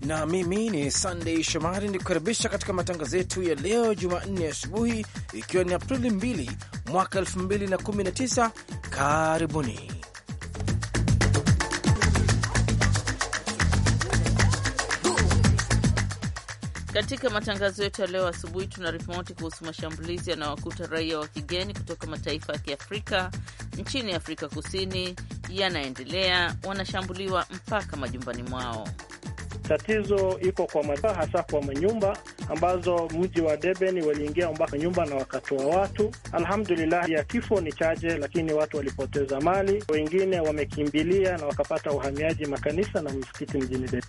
na mimi ni sandey Shomari nikukaribisha katika matangazo yetu ya leo Jumanne asubuhi, ikiwa ni Aprili 2 mwaka 2019. Karibuni. Katika matangazo yetu ya leo asubuhi tuna ripoti kuhusu mashambulizi yanayowakuta raia wa kigeni kutoka mataifa ya Kiafrika nchini Afrika Kusini yanaendelea, wanashambuliwa mpaka majumbani mwao. Tatizo iko kwa manyumba, hasa kwa manyumba ambazo mji wa Deben waliingia mpaka nyumba na wakatoa watu. Alhamdulillah, ya kifo ni chache, lakini watu walipoteza mali, wengine wamekimbilia na wakapata uhamiaji makanisa na msikiti mjini Deben.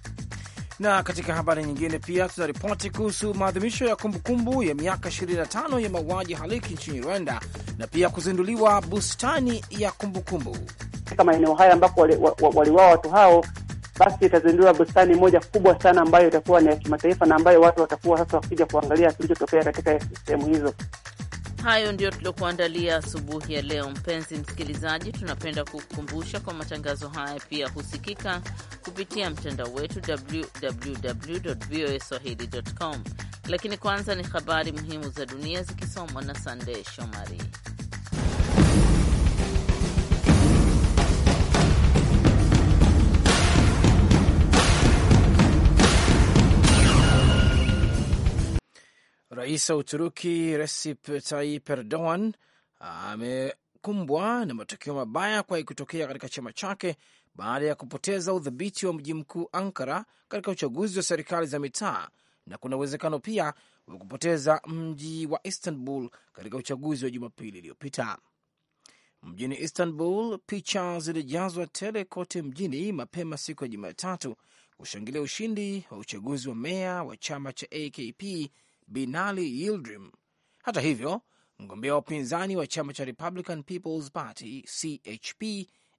Na katika habari nyingine pia tunaripoti kuhusu maadhimisho ya kumbukumbu ya miaka 25 ya mauaji haliki nchini Rwanda na pia kuzinduliwa bustani ya kumbukumbu Katika maeneo haya ambapo waliwaa watu hao basi itazindua bustani moja kubwa sana ambayo itakuwa ni ya kimataifa na ambayo watu watakuwa sasa wakija kuangalia kilichotokea katika sehemu hizo. Hayo ndio tuliokuandalia asubuhi ya leo. Mpenzi msikilizaji, tunapenda kukukumbusha kwa matangazo haya pia husikika kupitia mtandao wetu www voa swahili com, lakini kwanza ni habari muhimu za dunia zikisomwa na Sandey Shomari. Rais wa Uturuki Recep Tayyip Erdogan amekumbwa na matokeo mabaya kwa kutokea katika chama chake baada ya kupoteza udhibiti wa mji mkuu Ankara katika uchaguzi wa serikali za mitaa na kuna uwezekano pia wa kupoteza mji wa Istanbul katika uchaguzi wa Jumapili iliyopita. Mjini Istanbul, picha zilijazwa tele kote mjini mapema siku ya Jumatatu kushangilia ushindi wa uchaguzi wa meya wa chama cha AKP Binali Yildirim. Hata hivyo, mgombea wa upinzani wa chama cha Republican People's Party CHP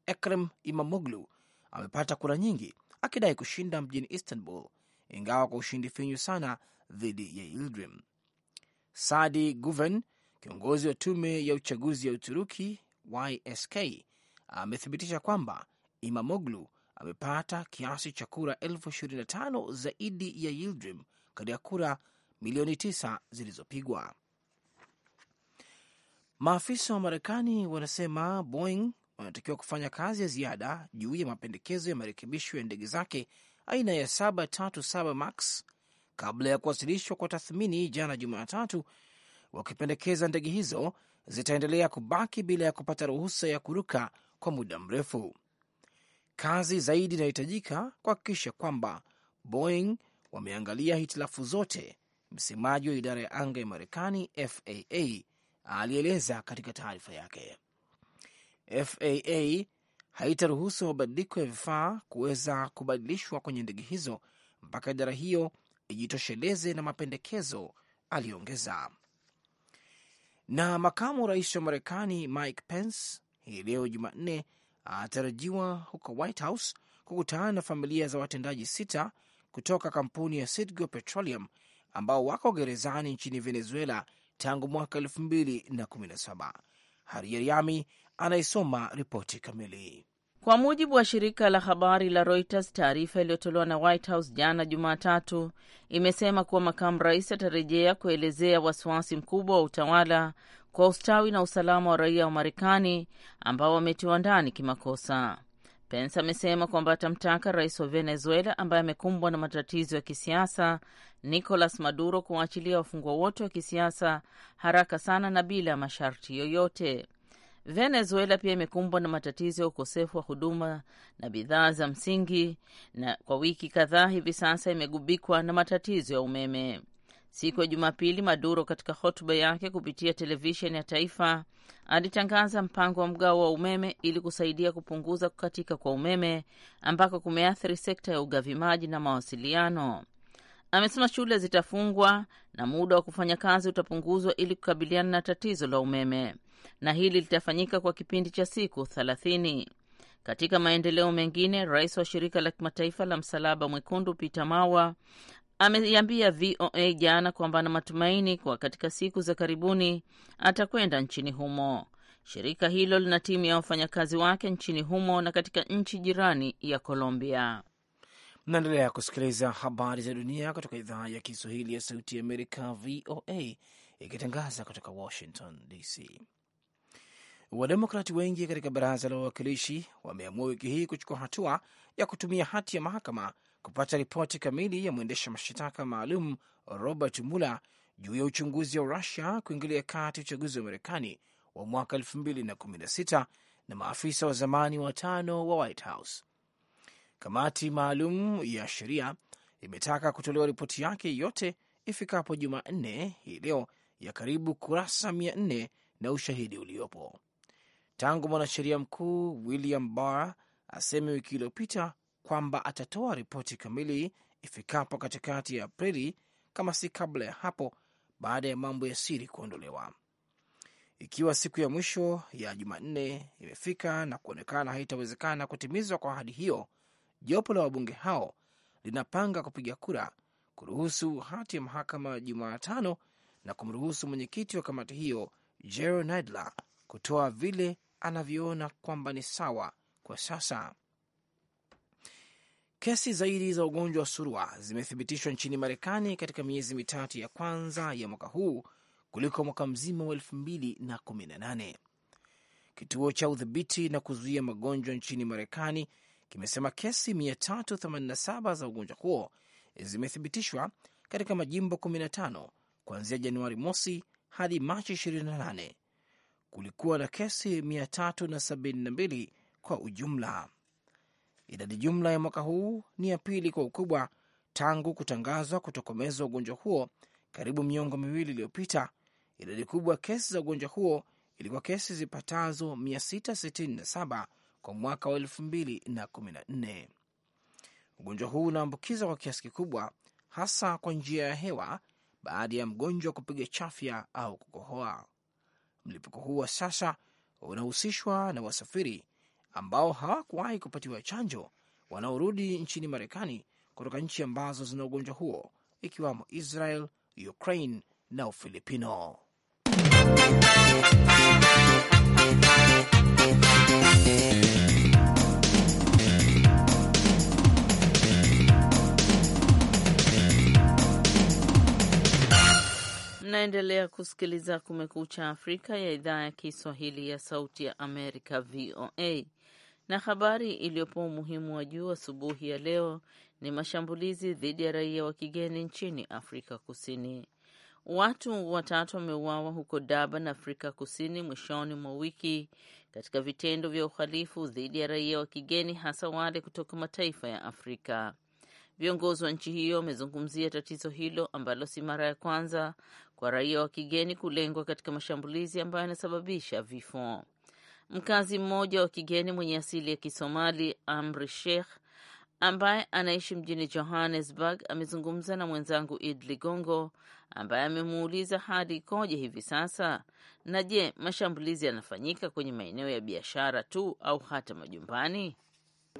Ekrem Imamoglu amepata kura nyingi akidai kushinda mjini Istanbul, ingawa kwa ushindi finyu sana dhidi ya Yildirim. Sadi Guven, kiongozi wa tume ya uchaguzi ya Uturuki YSK, amethibitisha kwamba Imamoglu amepata kiasi cha kura elfu 25 zaidi ya Yildirim katika kura milioni tisa zilizopigwa. Maafisa wa Marekani wanasema Boeing wanatakiwa kufanya kazi ya ziada juu ya mapendekezo ya marekebisho ya ndege zake aina ya 737 max kabla ya kuwasilishwa kwa tathmini jana Jumatatu, wakipendekeza ndege hizo zitaendelea kubaki bila ya kupata ruhusa ya kuruka kwa muda mrefu. Kazi zaidi inahitajika kuhakikisha kwamba Boeing wameangalia hitilafu zote msemaji wa idara ya anga ya Marekani FAA alieleza katika taarifa yake. FAA haitaruhusu mabadiliko ya vifaa kuweza kubadilishwa kwenye ndege hizo mpaka idara hiyo ijitosheleze na mapendekezo, aliongeza. Na makamu rais wa Marekani Mike Pence hii leo Jumanne anatarajiwa huko White House kukutana na familia za watendaji sita kutoka kampuni ya Citgo Petroleum ambao wako gerezani nchini Venezuela tangu mwaka elfu mbili na kumi na saba. anaisoma ripoti kamili. Kwa mujibu wa shirika la habari la Reuters, taarifa iliyotolewa na White House jana Jumatatu imesema kuwa makamu rais atarejea kuelezea wasiwasi mkubwa wa utawala kwa ustawi na usalama wa raia wa Marekani ambao wametiwa ndani kimakosa. Pence amesema kwamba atamtaka rais wa Venezuela ambaye amekumbwa na matatizo ya kisiasa Nicolas Maduro kuwaachilia wafungwa wote wa kisiasa haraka sana na bila masharti yoyote. Venezuela pia imekumbwa na matatizo ya ukosefu wa huduma na bidhaa za msingi, na kwa wiki kadhaa hivi sasa imegubikwa na matatizo ya umeme. Siku ya Jumapili, Maduro katika hotuba yake kupitia televisheni ya taifa alitangaza mpango wa mgao wa umeme ili kusaidia kupunguza kukatika kwa umeme ambako kumeathiri sekta ya ugavi maji na mawasiliano. Amesema shule zitafungwa na muda wa kufanya kazi utapunguzwa ili kukabiliana na tatizo la umeme, na hili litafanyika kwa kipindi cha siku thelathini. Katika maendeleo mengine, rais wa shirika la kimataifa la Msalaba Mwekundu Peter Mawa ameiambia VOA jana kwamba ana matumaini kuwa katika siku za karibuni atakwenda nchini humo. Shirika hilo lina timu ya wafanyakazi wake nchini humo na katika nchi jirani ya Colombia. Mnaendelea kusikiliza habari za dunia kutoka idhaa ya Kiswahili ya Sauti ya Amerika, VOA, ikitangaza kutoka Washington DC. Wademokrati wengi katika baraza la wawakilishi wameamua wiki hii kuchukua hatua ya kutumia hati ya mahakama kupata ripoti kamili ya mwendesha mashtaka maalum Robert Mueller juu ya uchunguzi wa Rusia kuingilia kati uchaguzi wa Marekani wa mwaka 2016 na maafisa wa zamani watano wa White House. Kamati maalum ya sheria imetaka kutolewa ripoti yake yote ifikapo Jumanne hii leo ya karibu kurasa 400 na ushahidi uliopo tangu mwanasheria mkuu William Barr aseme wiki iliyopita kwamba atatoa ripoti kamili ifikapo katikati ya Aprili kama si kabla ya hapo, baada ya mambo ya siri kuondolewa. Ikiwa siku ya mwisho ya Jumanne imefika na kuonekana haitawezekana kutimizwa kwa ahadi hiyo, jopo la wabunge hao linapanga kupiga kura kuruhusu hati ya mahakama Jumatano na kumruhusu mwenyekiti wa kamati hiyo Jerrold Nadler kutoa vile anavyoona kwamba ni sawa kwa sasa. Kesi zaidi za ugonjwa wa surua zimethibitishwa nchini Marekani katika miezi mitatu ya kwanza ya mwaka huu kuliko mwaka mzima wa elfu mbili na kumi na nane. Kituo cha udhibiti na kuzuia magonjwa nchini Marekani kimesema kesi 387 za ugonjwa huo zimethibitishwa katika majimbo 15 kuanzia Januari mosi hadi Machi 28. Kulikuwa na kesi 372 kwa ujumla. Idadi jumla ya mwaka huu ni ya pili kwa ukubwa tangu kutangazwa kutokomeza ugonjwa huo karibu miongo miwili iliyopita. Idadi kubwa ya kesi za ugonjwa huo ilikuwa kesi zipatazo 667 kwa mwaka wa 2014. Ugonjwa huu unaambukiza kwa kiasi kikubwa, hasa kwa njia ya hewa baada ya mgonjwa kupiga chafya au kukohoa. Mlipuko huu wa sasa unahusishwa na wasafiri ambao hawakuwahi kupatiwa chanjo wanaorudi nchini Marekani kutoka nchi ambazo zina ugonjwa huo ikiwamo Israel, Ukraine na Ufilipino. Mnaendelea kusikiliza Kumekucha Afrika ya idhaa ya Kiswahili ya Sauti ya Amerika, VOA. Na habari iliyopo umuhimu wa juu asubuhi ya leo ni mashambulizi dhidi ya raia wa kigeni nchini Afrika Kusini. Watu watatu wameuawa huko Durban, Afrika Kusini, mwishoni mwa wiki katika vitendo vya uhalifu dhidi ya raia wa kigeni, hasa wale kutoka mataifa ya Afrika. Viongozi wa nchi hiyo wamezungumzia tatizo hilo ambalo si mara ya kwanza kwa raia wa kigeni kulengwa katika mashambulizi ambayo yanasababisha vifo. Mkazi mmoja wa kigeni mwenye asili ya Kisomali, Amri Sheikh, ambaye anaishi mjini Johannesburg, amezungumza na mwenzangu Id Ligongo ambaye amemuuliza hali ikoje hivi sasa, na je, mashambulizi yanafanyika kwenye maeneo ya biashara tu au hata majumbani?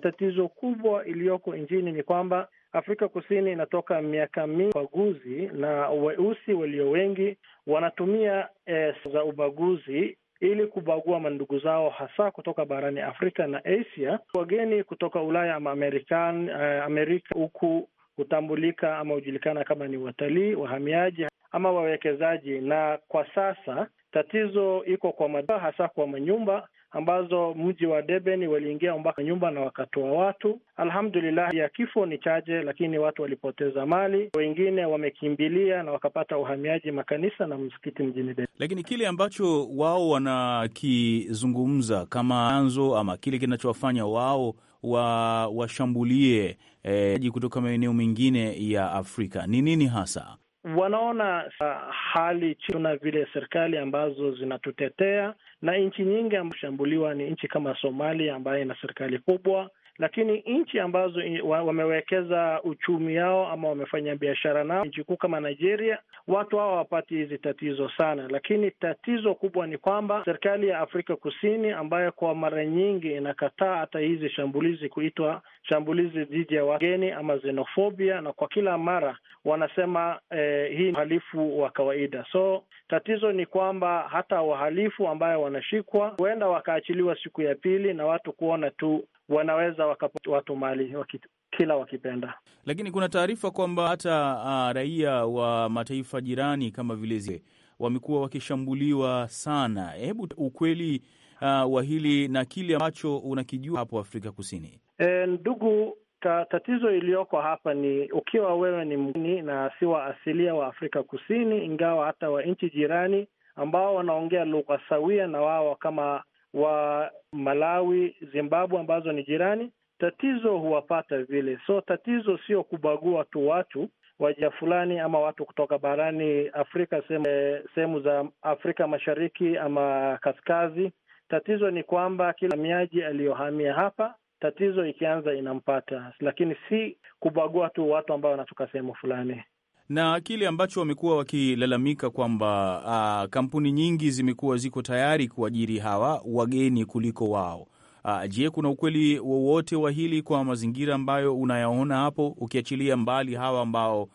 Tatizo kubwa iliyoko nchini ni kwamba Afrika Kusini inatoka miaka mingi ubaguzi, na weusi walio wengi wanatumia eh, za ubaguzi ili kubagua mandugu zao hasa kutoka barani Afrika na Asia. Wageni kutoka Ulaya ama Amerikan, eh, Amerika huku hutambulika ama hujulikana kama ni watalii, wahamiaji ama wawekezaji. Na kwa sasa tatizo iko kwa madawa, hasa kwa manyumba ambazo mji wa Deben waliingia mpaka nyumba na wakatoa watu. Alhamdulillah, ya kifo ni chache, lakini watu walipoteza mali, wengine wamekimbilia na wakapata uhamiaji makanisa na msikiti mjini Deben. Lakini kile ambacho wao wanakizungumza kama anzo ama kile kinachowafanya wao wa washambulie eh, kutoka maeneo mengine ya Afrika ni nini hasa? wanaona uh, hali chuna vile serikali ambazo zinatutetea na nchi nyingi ambazo shambuliwa ni nchi kama Somalia ambayo ina serikali kubwa lakini nchi ambazo wamewekeza uchumi yao ama wamefanya biashara nao, nchi kuu kama Nigeria, watu hao hawapati hizi tatizo sana. Lakini tatizo kubwa ni kwamba serikali ya Afrika Kusini ambayo kwa mara nyingi inakataa hata hizi shambulizi kuitwa shambulizi dhidi ya wageni ama xenofobia, na kwa kila mara wanasema eh, hii ni uhalifu wa kawaida. So tatizo ni kwamba hata wahalifu ambayo wanashikwa huenda wakaachiliwa siku ya pili na watu kuona tu wanaweza wakapata watu mali wakit, kila wakipenda. Lakini kuna taarifa kwamba hata uh, raia wa mataifa jirani kama vile zile wamekuwa wakishambuliwa sana. Hebu ukweli uh, wa hili na kile ambacho unakijua hapo Afrika Kusini. E, ndugu ta, tatizo iliyoko hapa ni ukiwa wewe ni mgeni na si wa asilia wa Afrika Kusini, ingawa hata wa nchi jirani ambao wanaongea lugha sawia na wao kama wa Malawi, Zimbabwe ambazo ni jirani, tatizo huwapata vile. So tatizo sio kubagua tu watu waja fulani ama watu kutoka barani Afrika, eh, sehemu za Afrika Mashariki ama kaskazi. Tatizo ni kwamba kila mhamiaji aliyohamia hapa, tatizo ikianza inampata, lakini si kubagua tu watu ambao wanatoka sehemu fulani na kile ambacho wamekuwa wakilalamika kwamba uh, kampuni nyingi zimekuwa ziko tayari kuajiri hawa wageni kuliko wao. Uh, je, kuna ukweli wowote wa hili kwa mazingira ambayo unayaona hapo, ukiachilia mbali hawa ambao uh,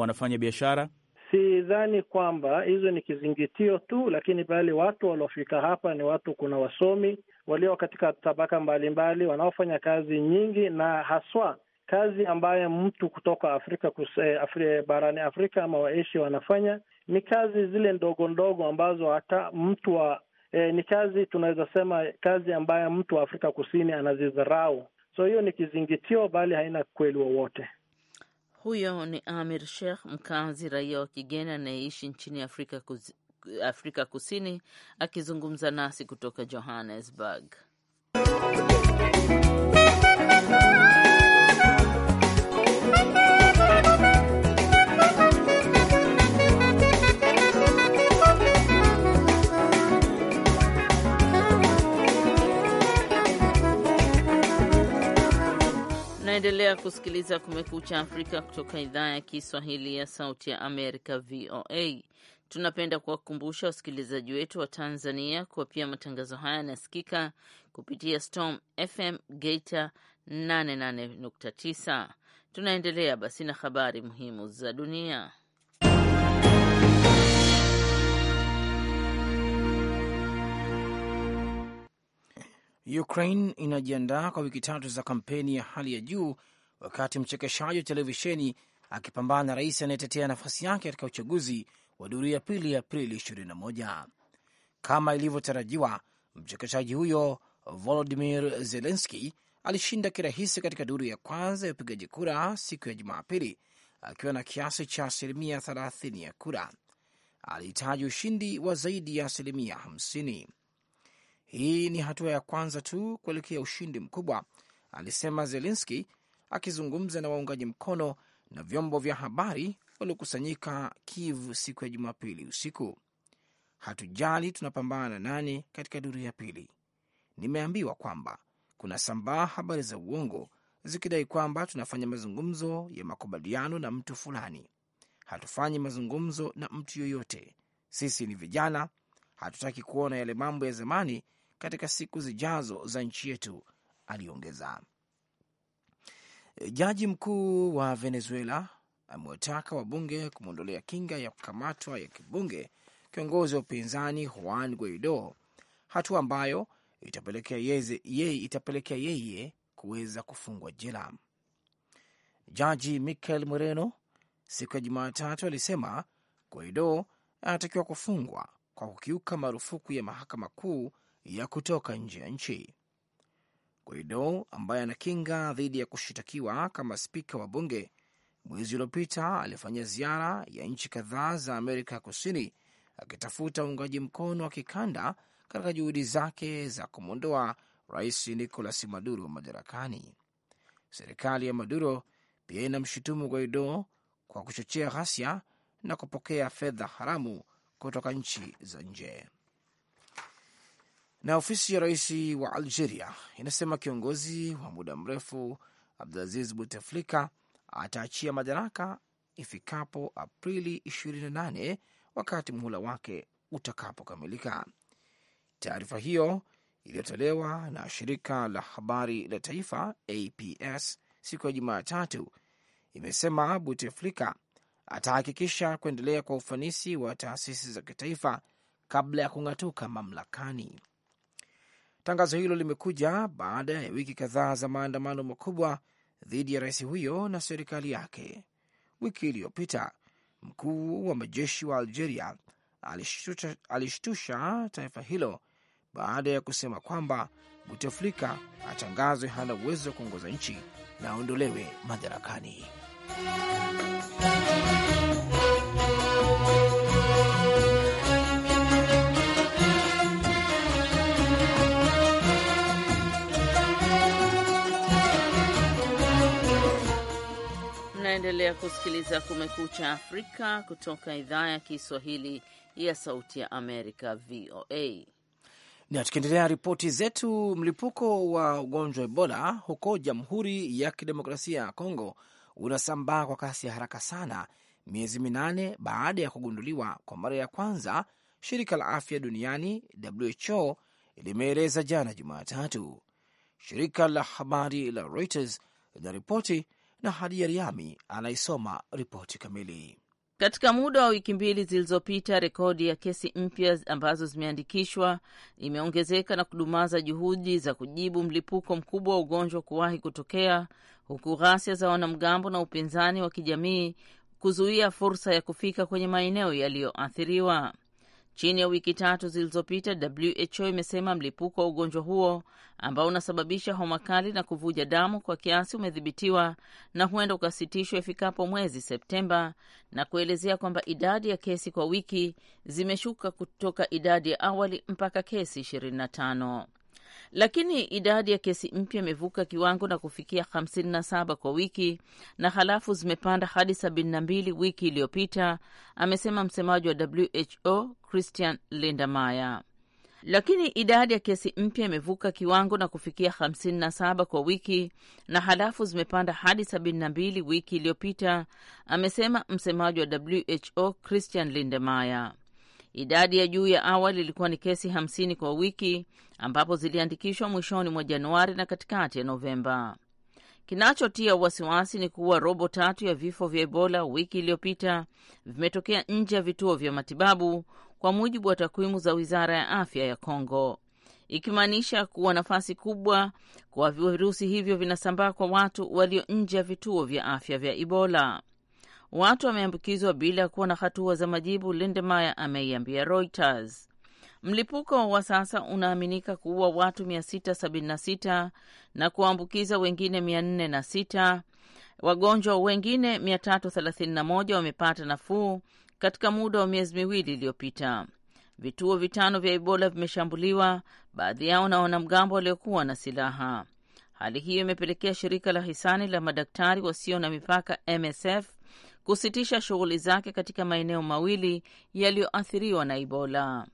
wanafanya biashara? Sidhani kwamba hizo ni kizingitio tu, lakini bali watu waliofika hapa ni watu, kuna wasomi walio katika tabaka mbalimbali wanaofanya kazi nyingi na haswa Kazi ambayo mtu kutoka Afrika, eh, Afri, eh, barani Afrika ama Waasia wanafanya ni kazi zile ndogo ndogo ambazo hata mtu wa e, ni kazi tunaweza sema kazi ambayo mtu wa Afrika Kusini anazidharau. So hiyo ni kizingitio, bali haina kweli wowote. Huyo ni Amir Sheikh, mkazi raia wa kigeni anayeishi nchini Afrika, kuzi, Afrika Kusini akizungumza nasi kutoka Johannesburg. Unaendelea kusikiliza Kumekucha Afrika kutoka idhaa ya Kiswahili ya Sauti ya Amerika, VOA. Tunapenda kuwakumbusha wasikilizaji wetu wa Tanzania kuwa pia matangazo haya yanasikika kupitia Storm FM Geita 88.9. Tunaendelea basi na habari muhimu za dunia. Ukraine inajiandaa kwa wiki tatu za kampeni ya hali ya juu, wakati mchekeshaji wa televisheni akipambana na rais anayetetea nafasi yake katika uchaguzi wa duru ya pili ya Aprili 21. Kama ilivyotarajiwa, mchekeshaji huyo Volodimir Zelenski alishinda kirahisi katika duru ya kwanza ya upigaji kura siku ya Jumapili akiwa na kiasi cha asilimia 30 ya kura. Alihitaji ushindi wa zaidi ya asilimia 50. Hii ni hatua ya kwanza tu kuelekea ushindi mkubwa, alisema Zelenski akizungumza na waungaji mkono na vyombo vya habari waliokusanyika Kiev siku ya Jumapili usiku. Hatujali tunapambana na nani katika duru ya pili. Nimeambiwa kwamba kuna sambaa habari za uongo zikidai kwamba tunafanya mazungumzo ya makubaliano na mtu fulani. Hatufanyi mazungumzo na mtu yoyote. Sisi ni vijana, hatutaki kuona yale mambo ya zamani katika siku zijazo za nchi yetu, aliongeza. Jaji mkuu wa Venezuela amewataka wabunge kumwondolea kinga ya kukamatwa ya kibunge kiongozi wa upinzani Juan Guaido, hatua ambayo itapelekea yeye itapelekea yeye kuweza kufungwa jela. Jaji Michel Moreno siku ya Jumatatu alisema Guaido anatakiwa kufungwa kwa kukiuka marufuku ya mahakama kuu ya kutoka nje ya nchi. Guaido ambaye ana kinga dhidi ya kushitakiwa kama spika wa bunge, mwezi uliopita alifanya ziara ya nchi kadhaa za Amerika Kusini akitafuta uungaji mkono wa kikanda katika juhudi zake za kumwondoa rais Nicolas Maduro madarakani. Serikali ya Maduro pia inamshutumu Guaido kwa kuchochea ghasia na kupokea fedha haramu kutoka nchi za nje. Na ofisi ya rais wa Algeria inasema kiongozi wa muda mrefu Abdulaziz Buteflika ataachia madaraka ifikapo Aprili 28 wakati muhula wake utakapokamilika. Taarifa hiyo iliyotolewa na shirika la habari la taifa APS siku ya Jumatatu imesema Buteflika atahakikisha kuendelea kwa ufanisi wa taasisi za kitaifa kabla ya kung'atuka mamlakani. Tangazo hilo limekuja baada ya wiki kadhaa za maandamano makubwa dhidi ya rais huyo na serikali yake. Wiki iliyopita mkuu wa majeshi wa Algeria alishtusha, alishtusha taifa hilo baada ya kusema kwamba buteflika atangazwe hana uwezo wa kuongoza nchi na aondolewe madarakani. Unaendelea kusikiliza Kumekucha Afrika kutoka idhaa ya Kiswahili ya Sauti ya Amerika, VOA. Na tukiendelea ripoti zetu, mlipuko wa ugonjwa wa Ebola huko Jamhuri ya Kidemokrasia ya Kongo unasambaa kwa kasi ya haraka sana, miezi minane baada ya kugunduliwa kwa mara ya kwanza. Shirika la Afya Duniani, WHO, limeeleza jana Jumatatu. Shirika la habari la Reuters linaripoti na Hadi riami anaisoma ripoti kamili. Katika muda wa wiki mbili zilizopita, rekodi ya kesi mpya ambazo zimeandikishwa imeongezeka na kudumaza juhudi za kujibu mlipuko mkubwa wa ugonjwa kuwahi kutokea, huku ghasia za wanamgambo na upinzani wa kijamii kuzuia fursa ya kufika kwenye maeneo yaliyoathiriwa. Chini ya wiki tatu zilizopita, WHO imesema mlipuko wa ugonjwa huo ambao unasababisha homa kali na kuvuja damu kwa kiasi umedhibitiwa na huenda ukasitishwa ifikapo mwezi Septemba, na kuelezea kwamba idadi ya kesi kwa wiki zimeshuka kutoka idadi ya awali mpaka kesi tano lakini idadi ya kesi mpya imevuka kiwango na kufikia 57 kwa wiki na halafu zimepanda hadi 72 wiki iliyopita, amesema msemaji wa WHO Christian Lindamaya. Lakini idadi ya kesi mpya imevuka kiwango na kufikia 57 kwa wiki na halafu zimepanda hadi 72 wiki iliyopita, amesema msemaji wa WHO Christian Lindemeyer. Idadi ya juu ya awali ilikuwa ni kesi 50 kwa wiki ambapo ziliandikishwa mwishoni mwa Januari na katikati ya Novemba. Kinachotia wasiwasi ni kuwa robo tatu ya vifo vya Ebola wiki iliyopita vimetokea nje ya vituo vya matibabu, kwa mujibu wa takwimu za Wizara ya Afya ya Kongo, ikimaanisha kuwa nafasi kubwa kwa virusi hivyo vinasambaa kwa watu walio nje ya vituo vya afya vya Ebola. Watu wameambukizwa bila kuwa na hatua za majibu, Lindemeyer ameiambia Reuters. Mlipuko wa sasa unaaminika kuua watu 676 na kuwaambukiza wengine 406. Wagonjwa wengine 331 wamepata nafuu katika muda wa miezi miwili iliyopita. Vituo vitano vya Ebola vimeshambuliwa, baadhi yao na wanamgambo waliokuwa na silaha. Hali hiyo imepelekea shirika la hisani la madaktari wasio na mipaka MSF kusitisha shughuli zake katika maeneo mawili yaliyoathiriwa na Ebola.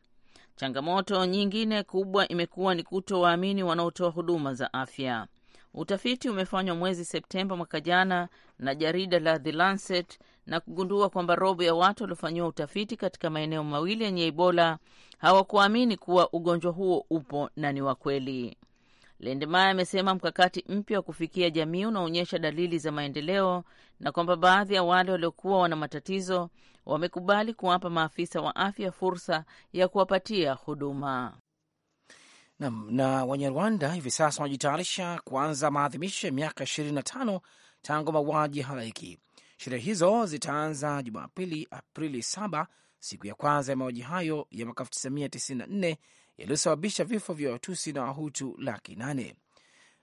Changamoto nyingine kubwa imekuwa ni kutowaamini wanaotoa huduma za afya. Utafiti umefanywa mwezi Septemba mwaka jana na jarida la The Lancet na kugundua kwamba robo ya watu waliofanyiwa utafiti katika maeneo mawili yenye Ebola hawakuamini kuwa ugonjwa huo upo na ni wa kweli. Lindemeyer amesema mkakati mpya wa kufikia jamii unaonyesha dalili za maendeleo na kwamba baadhi ya wale waliokuwa wana matatizo wamekubali kuwapa maafisa wa afya fursa ya kuwapatia huduma. Na, na Wanyarwanda hivi sasa wanajitayarisha kuanza maadhimisho ya miaka 25 tangu mauaji halaiki. Sherehe hizo zitaanza Jumapili, Aprili 7, siku ya kwanza ya mauaji hayo ya mwaka 1994 yaliyosababisha vifo vya Watusi na Wahutu laki nane.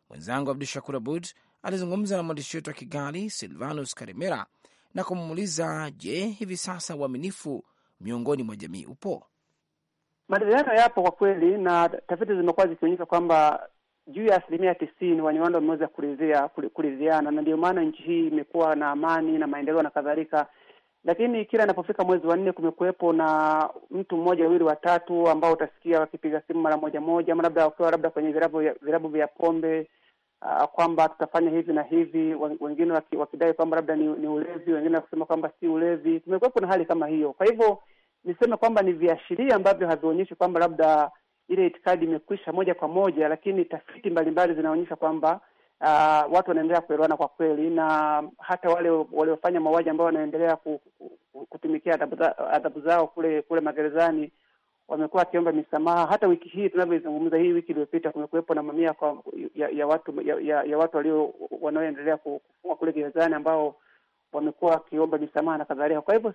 Mwenzangu Abdu Shakur Abud alizungumza na mwandishi wetu wa Kigali, Silvanus Karimera, na kumuuliza je, hivi sasa uaminifu miongoni mwa jamii upo? Maridhiano yapo kwa kweli, na tafiti zimekuwa zikionyesha kwamba juu ya asilimia tisini Wanyarwanda wameweza kuridhiana, na ndiyo maana nchi hii imekuwa na amani na maendeleo na kadhalika. Lakini kila inapofika mwezi wa nne, kumekuwepo na mtu mmoja wawili watatu ambao utasikia wakipiga simu mara moja moja, ama labda wakiwa labda kwenye virabu virabu vya pombe uh, kwamba tutafanya hivi na hivi, wengine waki, wakidai kwamba labda ni, ni ulevi, wengine wakisema kwamba si ulevi. Kumekuwepo na hali kama hiyo. Kwa hivyo niseme kwamba ni viashiria ambavyo havionyeshi kwamba labda ile itikadi imekwisha moja kwa moja, lakini tafiti mbalimbali zinaonyesha kwamba uh, watu wanaendelea kuelewana kwa kweli, na hata wale waliofanya mauaji ambao wanaendelea kutumikia adhabu zao kule kule magerezani wamekuwa wakiomba misamaha. Hata wiki hii tunavyoizungumza, hii wiki iliyopita kumekuwepo na mamia kwa, ya, ya watu ya, ya, ya watu walio wanaoendelea kufungwa kule gerezani ambao wamekuwa wakiomba misamaha na kadhalika. Kwa hivyo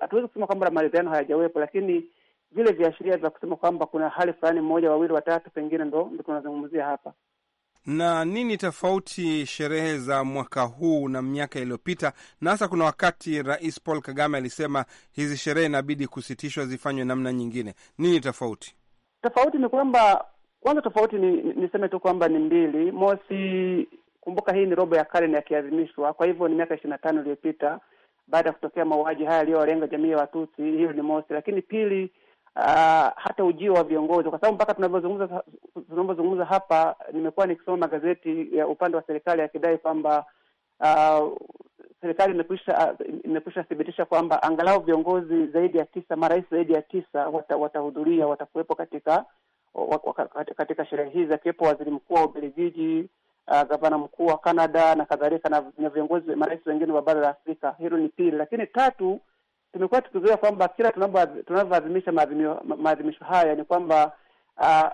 hatuwezi kusema kwamba maridhiano hayajawepo, lakini vile viashiria vya kusema kwamba kuna hali fulani, mmoja wawili watatu, pengine ndo ndo tunazungumzia hapa. Na nini tofauti sherehe za mwaka huu na miaka iliyopita? Na hasa kuna wakati Rais Paul Kagame alisema hizi sherehe inabidi kusitishwa, zifanywe namna nyingine. Nini tofauti? Tofauti ni kwamba kwanza, tofauti ni niseme tu kwamba ni mbili. Mosi, kumbuka hii ni robo ya karne yakiadhimishwa, kwa hivyo ni miaka ishirini na tano iliyopita baada ya kutokea mauaji haya yaliyowalenga jamii ya Watusi. Hiyo ni mosi, lakini pili Uh, hata ujio wa viongozi kwa sababu mpaka tunavyozungumza tunavyozungumza hapa, nimekuwa nikisoma magazeti ya upande wa serikali yakidai kwamba uh, serikali imekwisha imekwisha thibitisha kwamba angalau viongozi zaidi ya tisa, marais zaidi ya tisa watahudhuria, wata watakuwepo katika katika sherehe hizi, akiwepo waziri mkuu wa Ubelgiji, uh, gavana mkuu wa Canada na kadhalika, na viongozi marais wengine wa bara la Afrika. Hilo ni pili, lakini tatu tumekuwa tukizoea kwamba kila tunavyoadhimisha maadhimisho haya ni kwamba uh,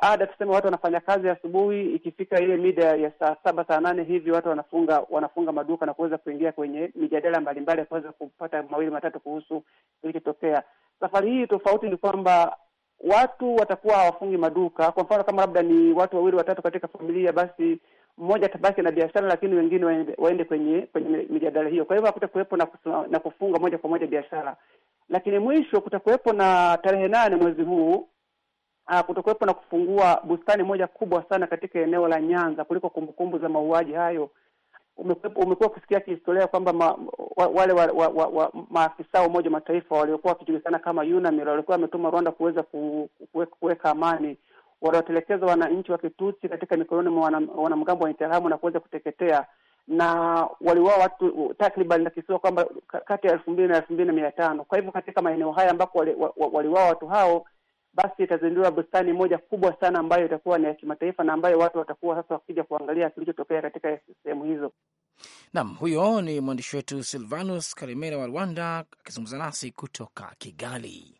baada tuseme watu wanafanya kazi asubuhi, ikifika ile mida ya saa saba saa nane hivi watu wanafunga wanafunga maduka na kuweza kuingia kwenye mijadala mbalimbali ya kuweza kupata mawili matatu kuhusu kilichotokea. Safari hii tofauti ni kwamba watu watakuwa hawafungi maduka. Kwa mfano, kama labda ni watu wawili watatu katika familia, basi mmoja atabaki na biashara, lakini wengine waende, waende kwenye kwenye mijadala hiyo. Kwa hivyo hakutakuwepo na, na kufunga moja kwa moja biashara, lakini mwisho kutakuwepo na tarehe nane mwezi huu ah, kutakuwepo na kufungua bustani moja kubwa sana katika eneo la Nyanza kuliko kumbukumbu za mauaji hayo. Umekuwa kusikia kihistoria kwamba ma, wa, wale wa, wa, wa, wa, maafisa wa Umoja wa Mataifa waliokuwa wakijulikana kama UNAMIR walikuwa wametuma Rwanda kuweza kuweka amani waliwatelekeza wananchi wa Kitutsi katika mikononi mwa wanamgambo wa Interahamwe na kuweza kuteketea na waliwaa watu takriban nakisiwa kwamba kati ya elfu mbili na elfu mbili na mia tano. Kwa hivyo katika maeneo haya ambako waliwao wali watu hao, basi itazinduliwa bustani moja kubwa sana ambayo itakuwa ni ya kimataifa na ambayo watu watakuwa sasa wakija kuangalia kilichotokea katika sehemu hizo. Naam, huyo ni mwandishi wetu Silvanus Karimera wa Rwanda akizungumza nasi kutoka Kigali.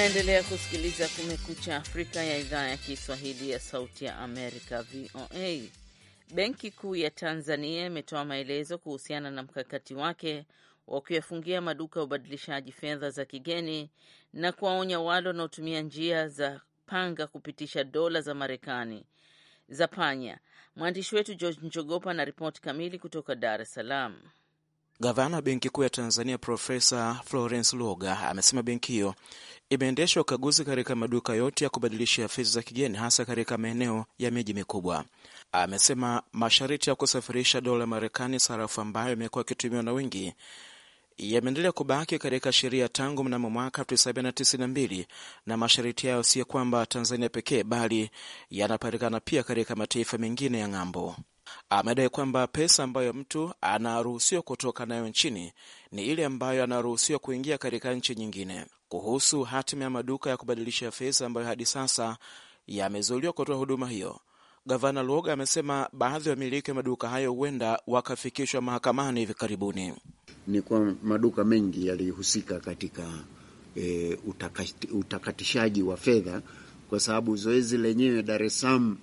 Unaendelea kusikiliza Kumekucha Afrika ya idhaa ya Kiswahili ya Sauti ya Amerika, VOA. Benki Kuu ya Tanzania imetoa maelezo kuhusiana na mkakati wake wa kuyafungia maduka ya ubadilishaji fedha za kigeni na kuwaonya wale wanaotumia njia za panga kupitisha dola za Marekani za panya. Mwandishi wetu George Njogopa na ripoti kamili kutoka Dar es Salaam. Gavana wa Benki Kuu ya Tanzania Profesa Florence Luoga amesema benki hiyo imeendesha ukaguzi katika maduka yote ya kubadilishia fedha za kigeni hasa katika maeneo ya miji mikubwa. Amesema masharti ya kusafirisha dola Marekani, sarafu ambayo imekuwa ikitumiwa na wengi, yameendelea kubaki katika sheria tangu mnamo mwaka 1992 na masharti hayo si kwamba Tanzania pekee, bali yanapatikana pia katika mataifa mengine ya ng'ambo. Amedai kwamba pesa ambayo mtu anaruhusiwa kutoka nayo nchini ni ile ambayo anaruhusiwa kuingia katika nchi nyingine kuhusu hatima ya maduka ya kubadilisha fedha ambayo hadi sasa yamezuiliwa kutoa huduma hiyo. Gavana Luoga amesema baadhi ya wamiliki wa maduka hayo huenda wakafikishwa mahakamani hivi karibuni. Ni kwa maduka mengi yalihusika katika e, utakati, utakatishaji wa fedha, kwa sababu zoezi lenyewe Dar es Salaam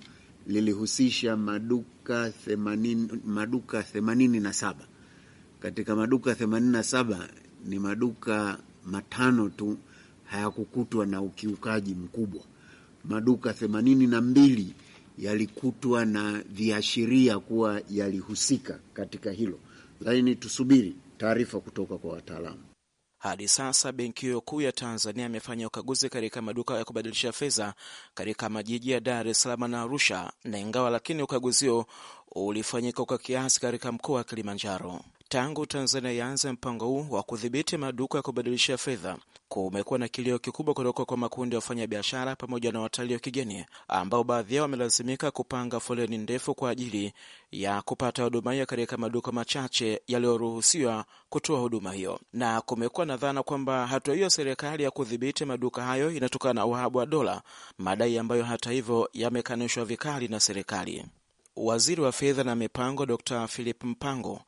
lilihusisha maduka themanini, maduka themanini na saba. Katika maduka themanini na saba ni maduka matano tu hayakukutwa na ukiukaji mkubwa. Maduka themanini na mbili yalikutwa na viashiria kuwa yalihusika katika hilo, lakini tusubiri taarifa kutoka kwa wataalamu. Hadi sasa benki hiyo kuu ya Tanzania imefanya ukaguzi katika maduka ya kubadilisha fedha katika majiji ya Dar es Salaam na Arusha, na ingawa lakini ukaguzi huo ulifanyika kwa kiasi katika mkoa wa Kilimanjaro. Tangu Tanzania yaanze mpango huu wa kudhibiti maduka ya kubadilishia fedha, kumekuwa na kilio kikubwa kutoka kwa makundi ya wafanyabiashara pamoja na watalii wa kigeni, ambao baadhi yao wamelazimika kupanga foleni ndefu kwa ajili ya kupata huduma hiyo katika maduka machache yaliyoruhusiwa kutoa huduma hiyo, na kumekuwa na dhana kwamba hatua hiyo serikali ya kudhibiti maduka hayo inatokana na uhaba wa dola, madai ambayo hata hivyo yamekanushwa vikali na serikali. Waziri wa Fedha na Mipango d Philip Mpango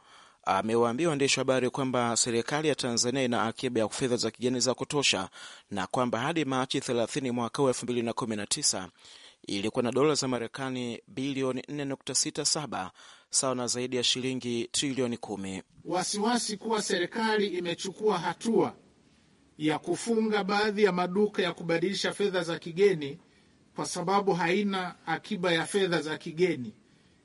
amewaambia waandishi wa habari kwamba serikali ya Tanzania ina akiba ya fedha za kigeni za kutosha na kwamba hadi Machi 30 mwaka wa 2019 ilikuwa na dola za Marekani bilioni 4.67 sawa na zaidi ya shilingi trilioni kumi. Wasiwasi kuwa serikali imechukua hatua ya kufunga baadhi ya maduka ya kubadilisha fedha za kigeni kwa sababu haina akiba ya fedha za kigeni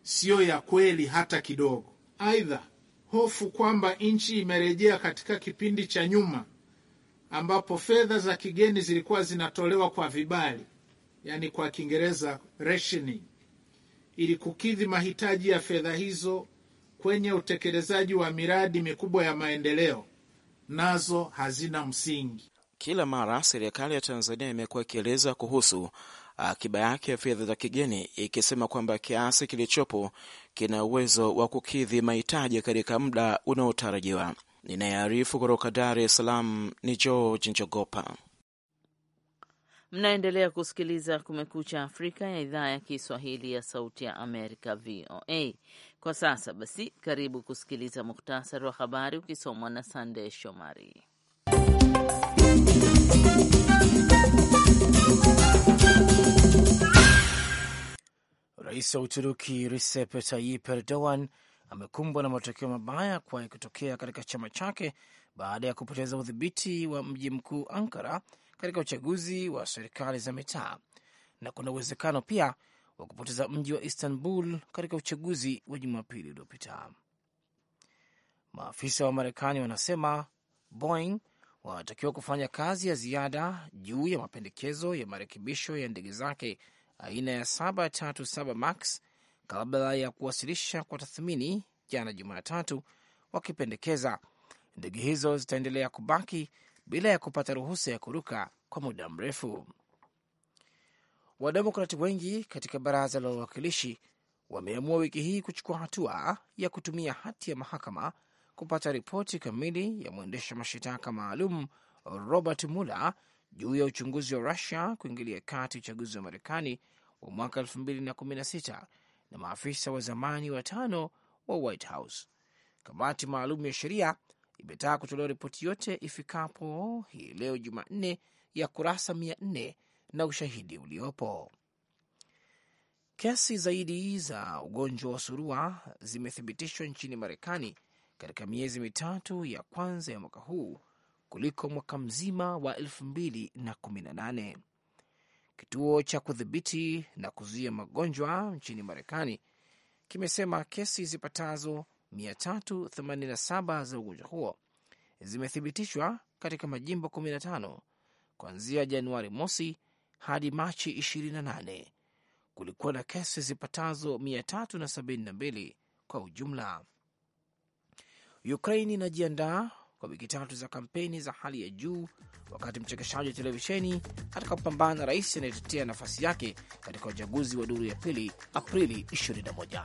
siyo ya kweli hata kidogo. Aidha, hofu kwamba nchi imerejea katika kipindi cha nyuma ambapo fedha za kigeni zilikuwa zinatolewa kwa vibali, yani kwa Kiingereza rationing, ili kukidhi mahitaji ya fedha hizo kwenye utekelezaji wa miradi mikubwa ya maendeleo, nazo hazina msingi. Kila mara serikali ya Tanzania imekuwa ikieleza kuhusu akiba yake ya fedha za kigeni ikisema kwamba kiasi kilichopo kina uwezo wa kukidhi mahitaji katika muda unaotarajiwa. Ninayearifu kutoka Dar es Salaam ni George Njogopa. Mnaendelea kusikiliza Kumekucha Afrika ya idhaa ya Kiswahili ya Sauti ya Amerika, VOA. Kwa sasa basi, karibu kusikiliza muhtasari wa habari ukisomwa na Sandey Shomari. Rais wa Uturuki Recep Tayyip Erdogan amekumbwa na matokeo mabaya kwa kutokea katika chama chake baada ya kupoteza udhibiti wa mji mkuu Ankara katika uchaguzi wa serikali za mitaa na kuna uwezekano pia wa kupoteza mji wa Istanbul katika uchaguzi wa Jumapili uliopita. Maafisa wa Marekani wanasema Boeing wanatakiwa kufanya kazi ya ziada juu ya mapendekezo ya marekebisho ya ndege zake aina ya 737 Max kabla ya kuwasilisha kwa tathmini jana Jumatatu, wakipendekeza ndege hizo zitaendelea kubaki bila ya kupata ruhusa ya kuruka kwa muda mrefu. Wademokrati wengi katika baraza la wawakilishi wameamua wiki hii kuchukua hatua ya kutumia hati ya mahakama kupata ripoti kamili ya mwendesha mashitaka maalum Robert Mueller juu ya uchunguzi wa Rusia kuingilia kati uchaguzi wa Marekani wa mwaka 2016 na maafisa wa zamani watano wa White House. Kamati maalum ya sheria imetaka kutolewa ripoti yote ifikapo hii leo Jumanne ya kurasa 400 na ushahidi uliopo. Kesi zaidi za ugonjwa wa surua zimethibitishwa nchini Marekani katika miezi mitatu ya kwanza ya mwaka huu kuliko mwaka mzima wa 2018. Kituo cha kudhibiti na kuzuia magonjwa nchini Marekani kimesema kesi zipatazo 387 za ugonjwa huo zimethibitishwa katika majimbo 15 kuanzia Januari mosi hadi Machi 28. Kulikuwa na kesi zipatazo 372 kwa ujumla. Ukraini inajiandaa kwa wiki tatu za kampeni za hali ya juu, wakati mchekeshaji wa televisheni atakapopambana na rais anayetetea nafasi yake katika uchaguzi wa duru ya pili Aprili 21.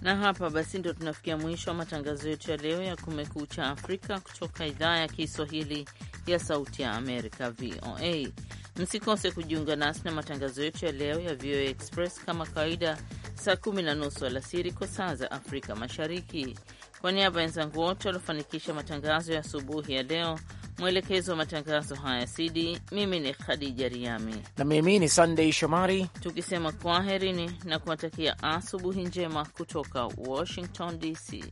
Na hapa basi ndo tunafikia mwisho wa matangazo yetu ya leo ya Kumekucha Afrika kutoka idhaa ya Kiswahili ya Sauti ya Amerika, VOA. Msikose kujiunga nasi na matangazo yetu ya leo ya VOA Express kama kawaida, saa kumi na nusu alasiri kwa saa za Afrika Mashariki. Kwa niaba ya wenzangu wote waliofanikisha matangazo ya asubuhi ya leo, mwelekezi wa matangazo haya Sidi, mimi ni Khadija Riami na mimi ni sandey Shomari, tukisema kwaherini na kuwatakia asubuhi njema kutoka Washington DC.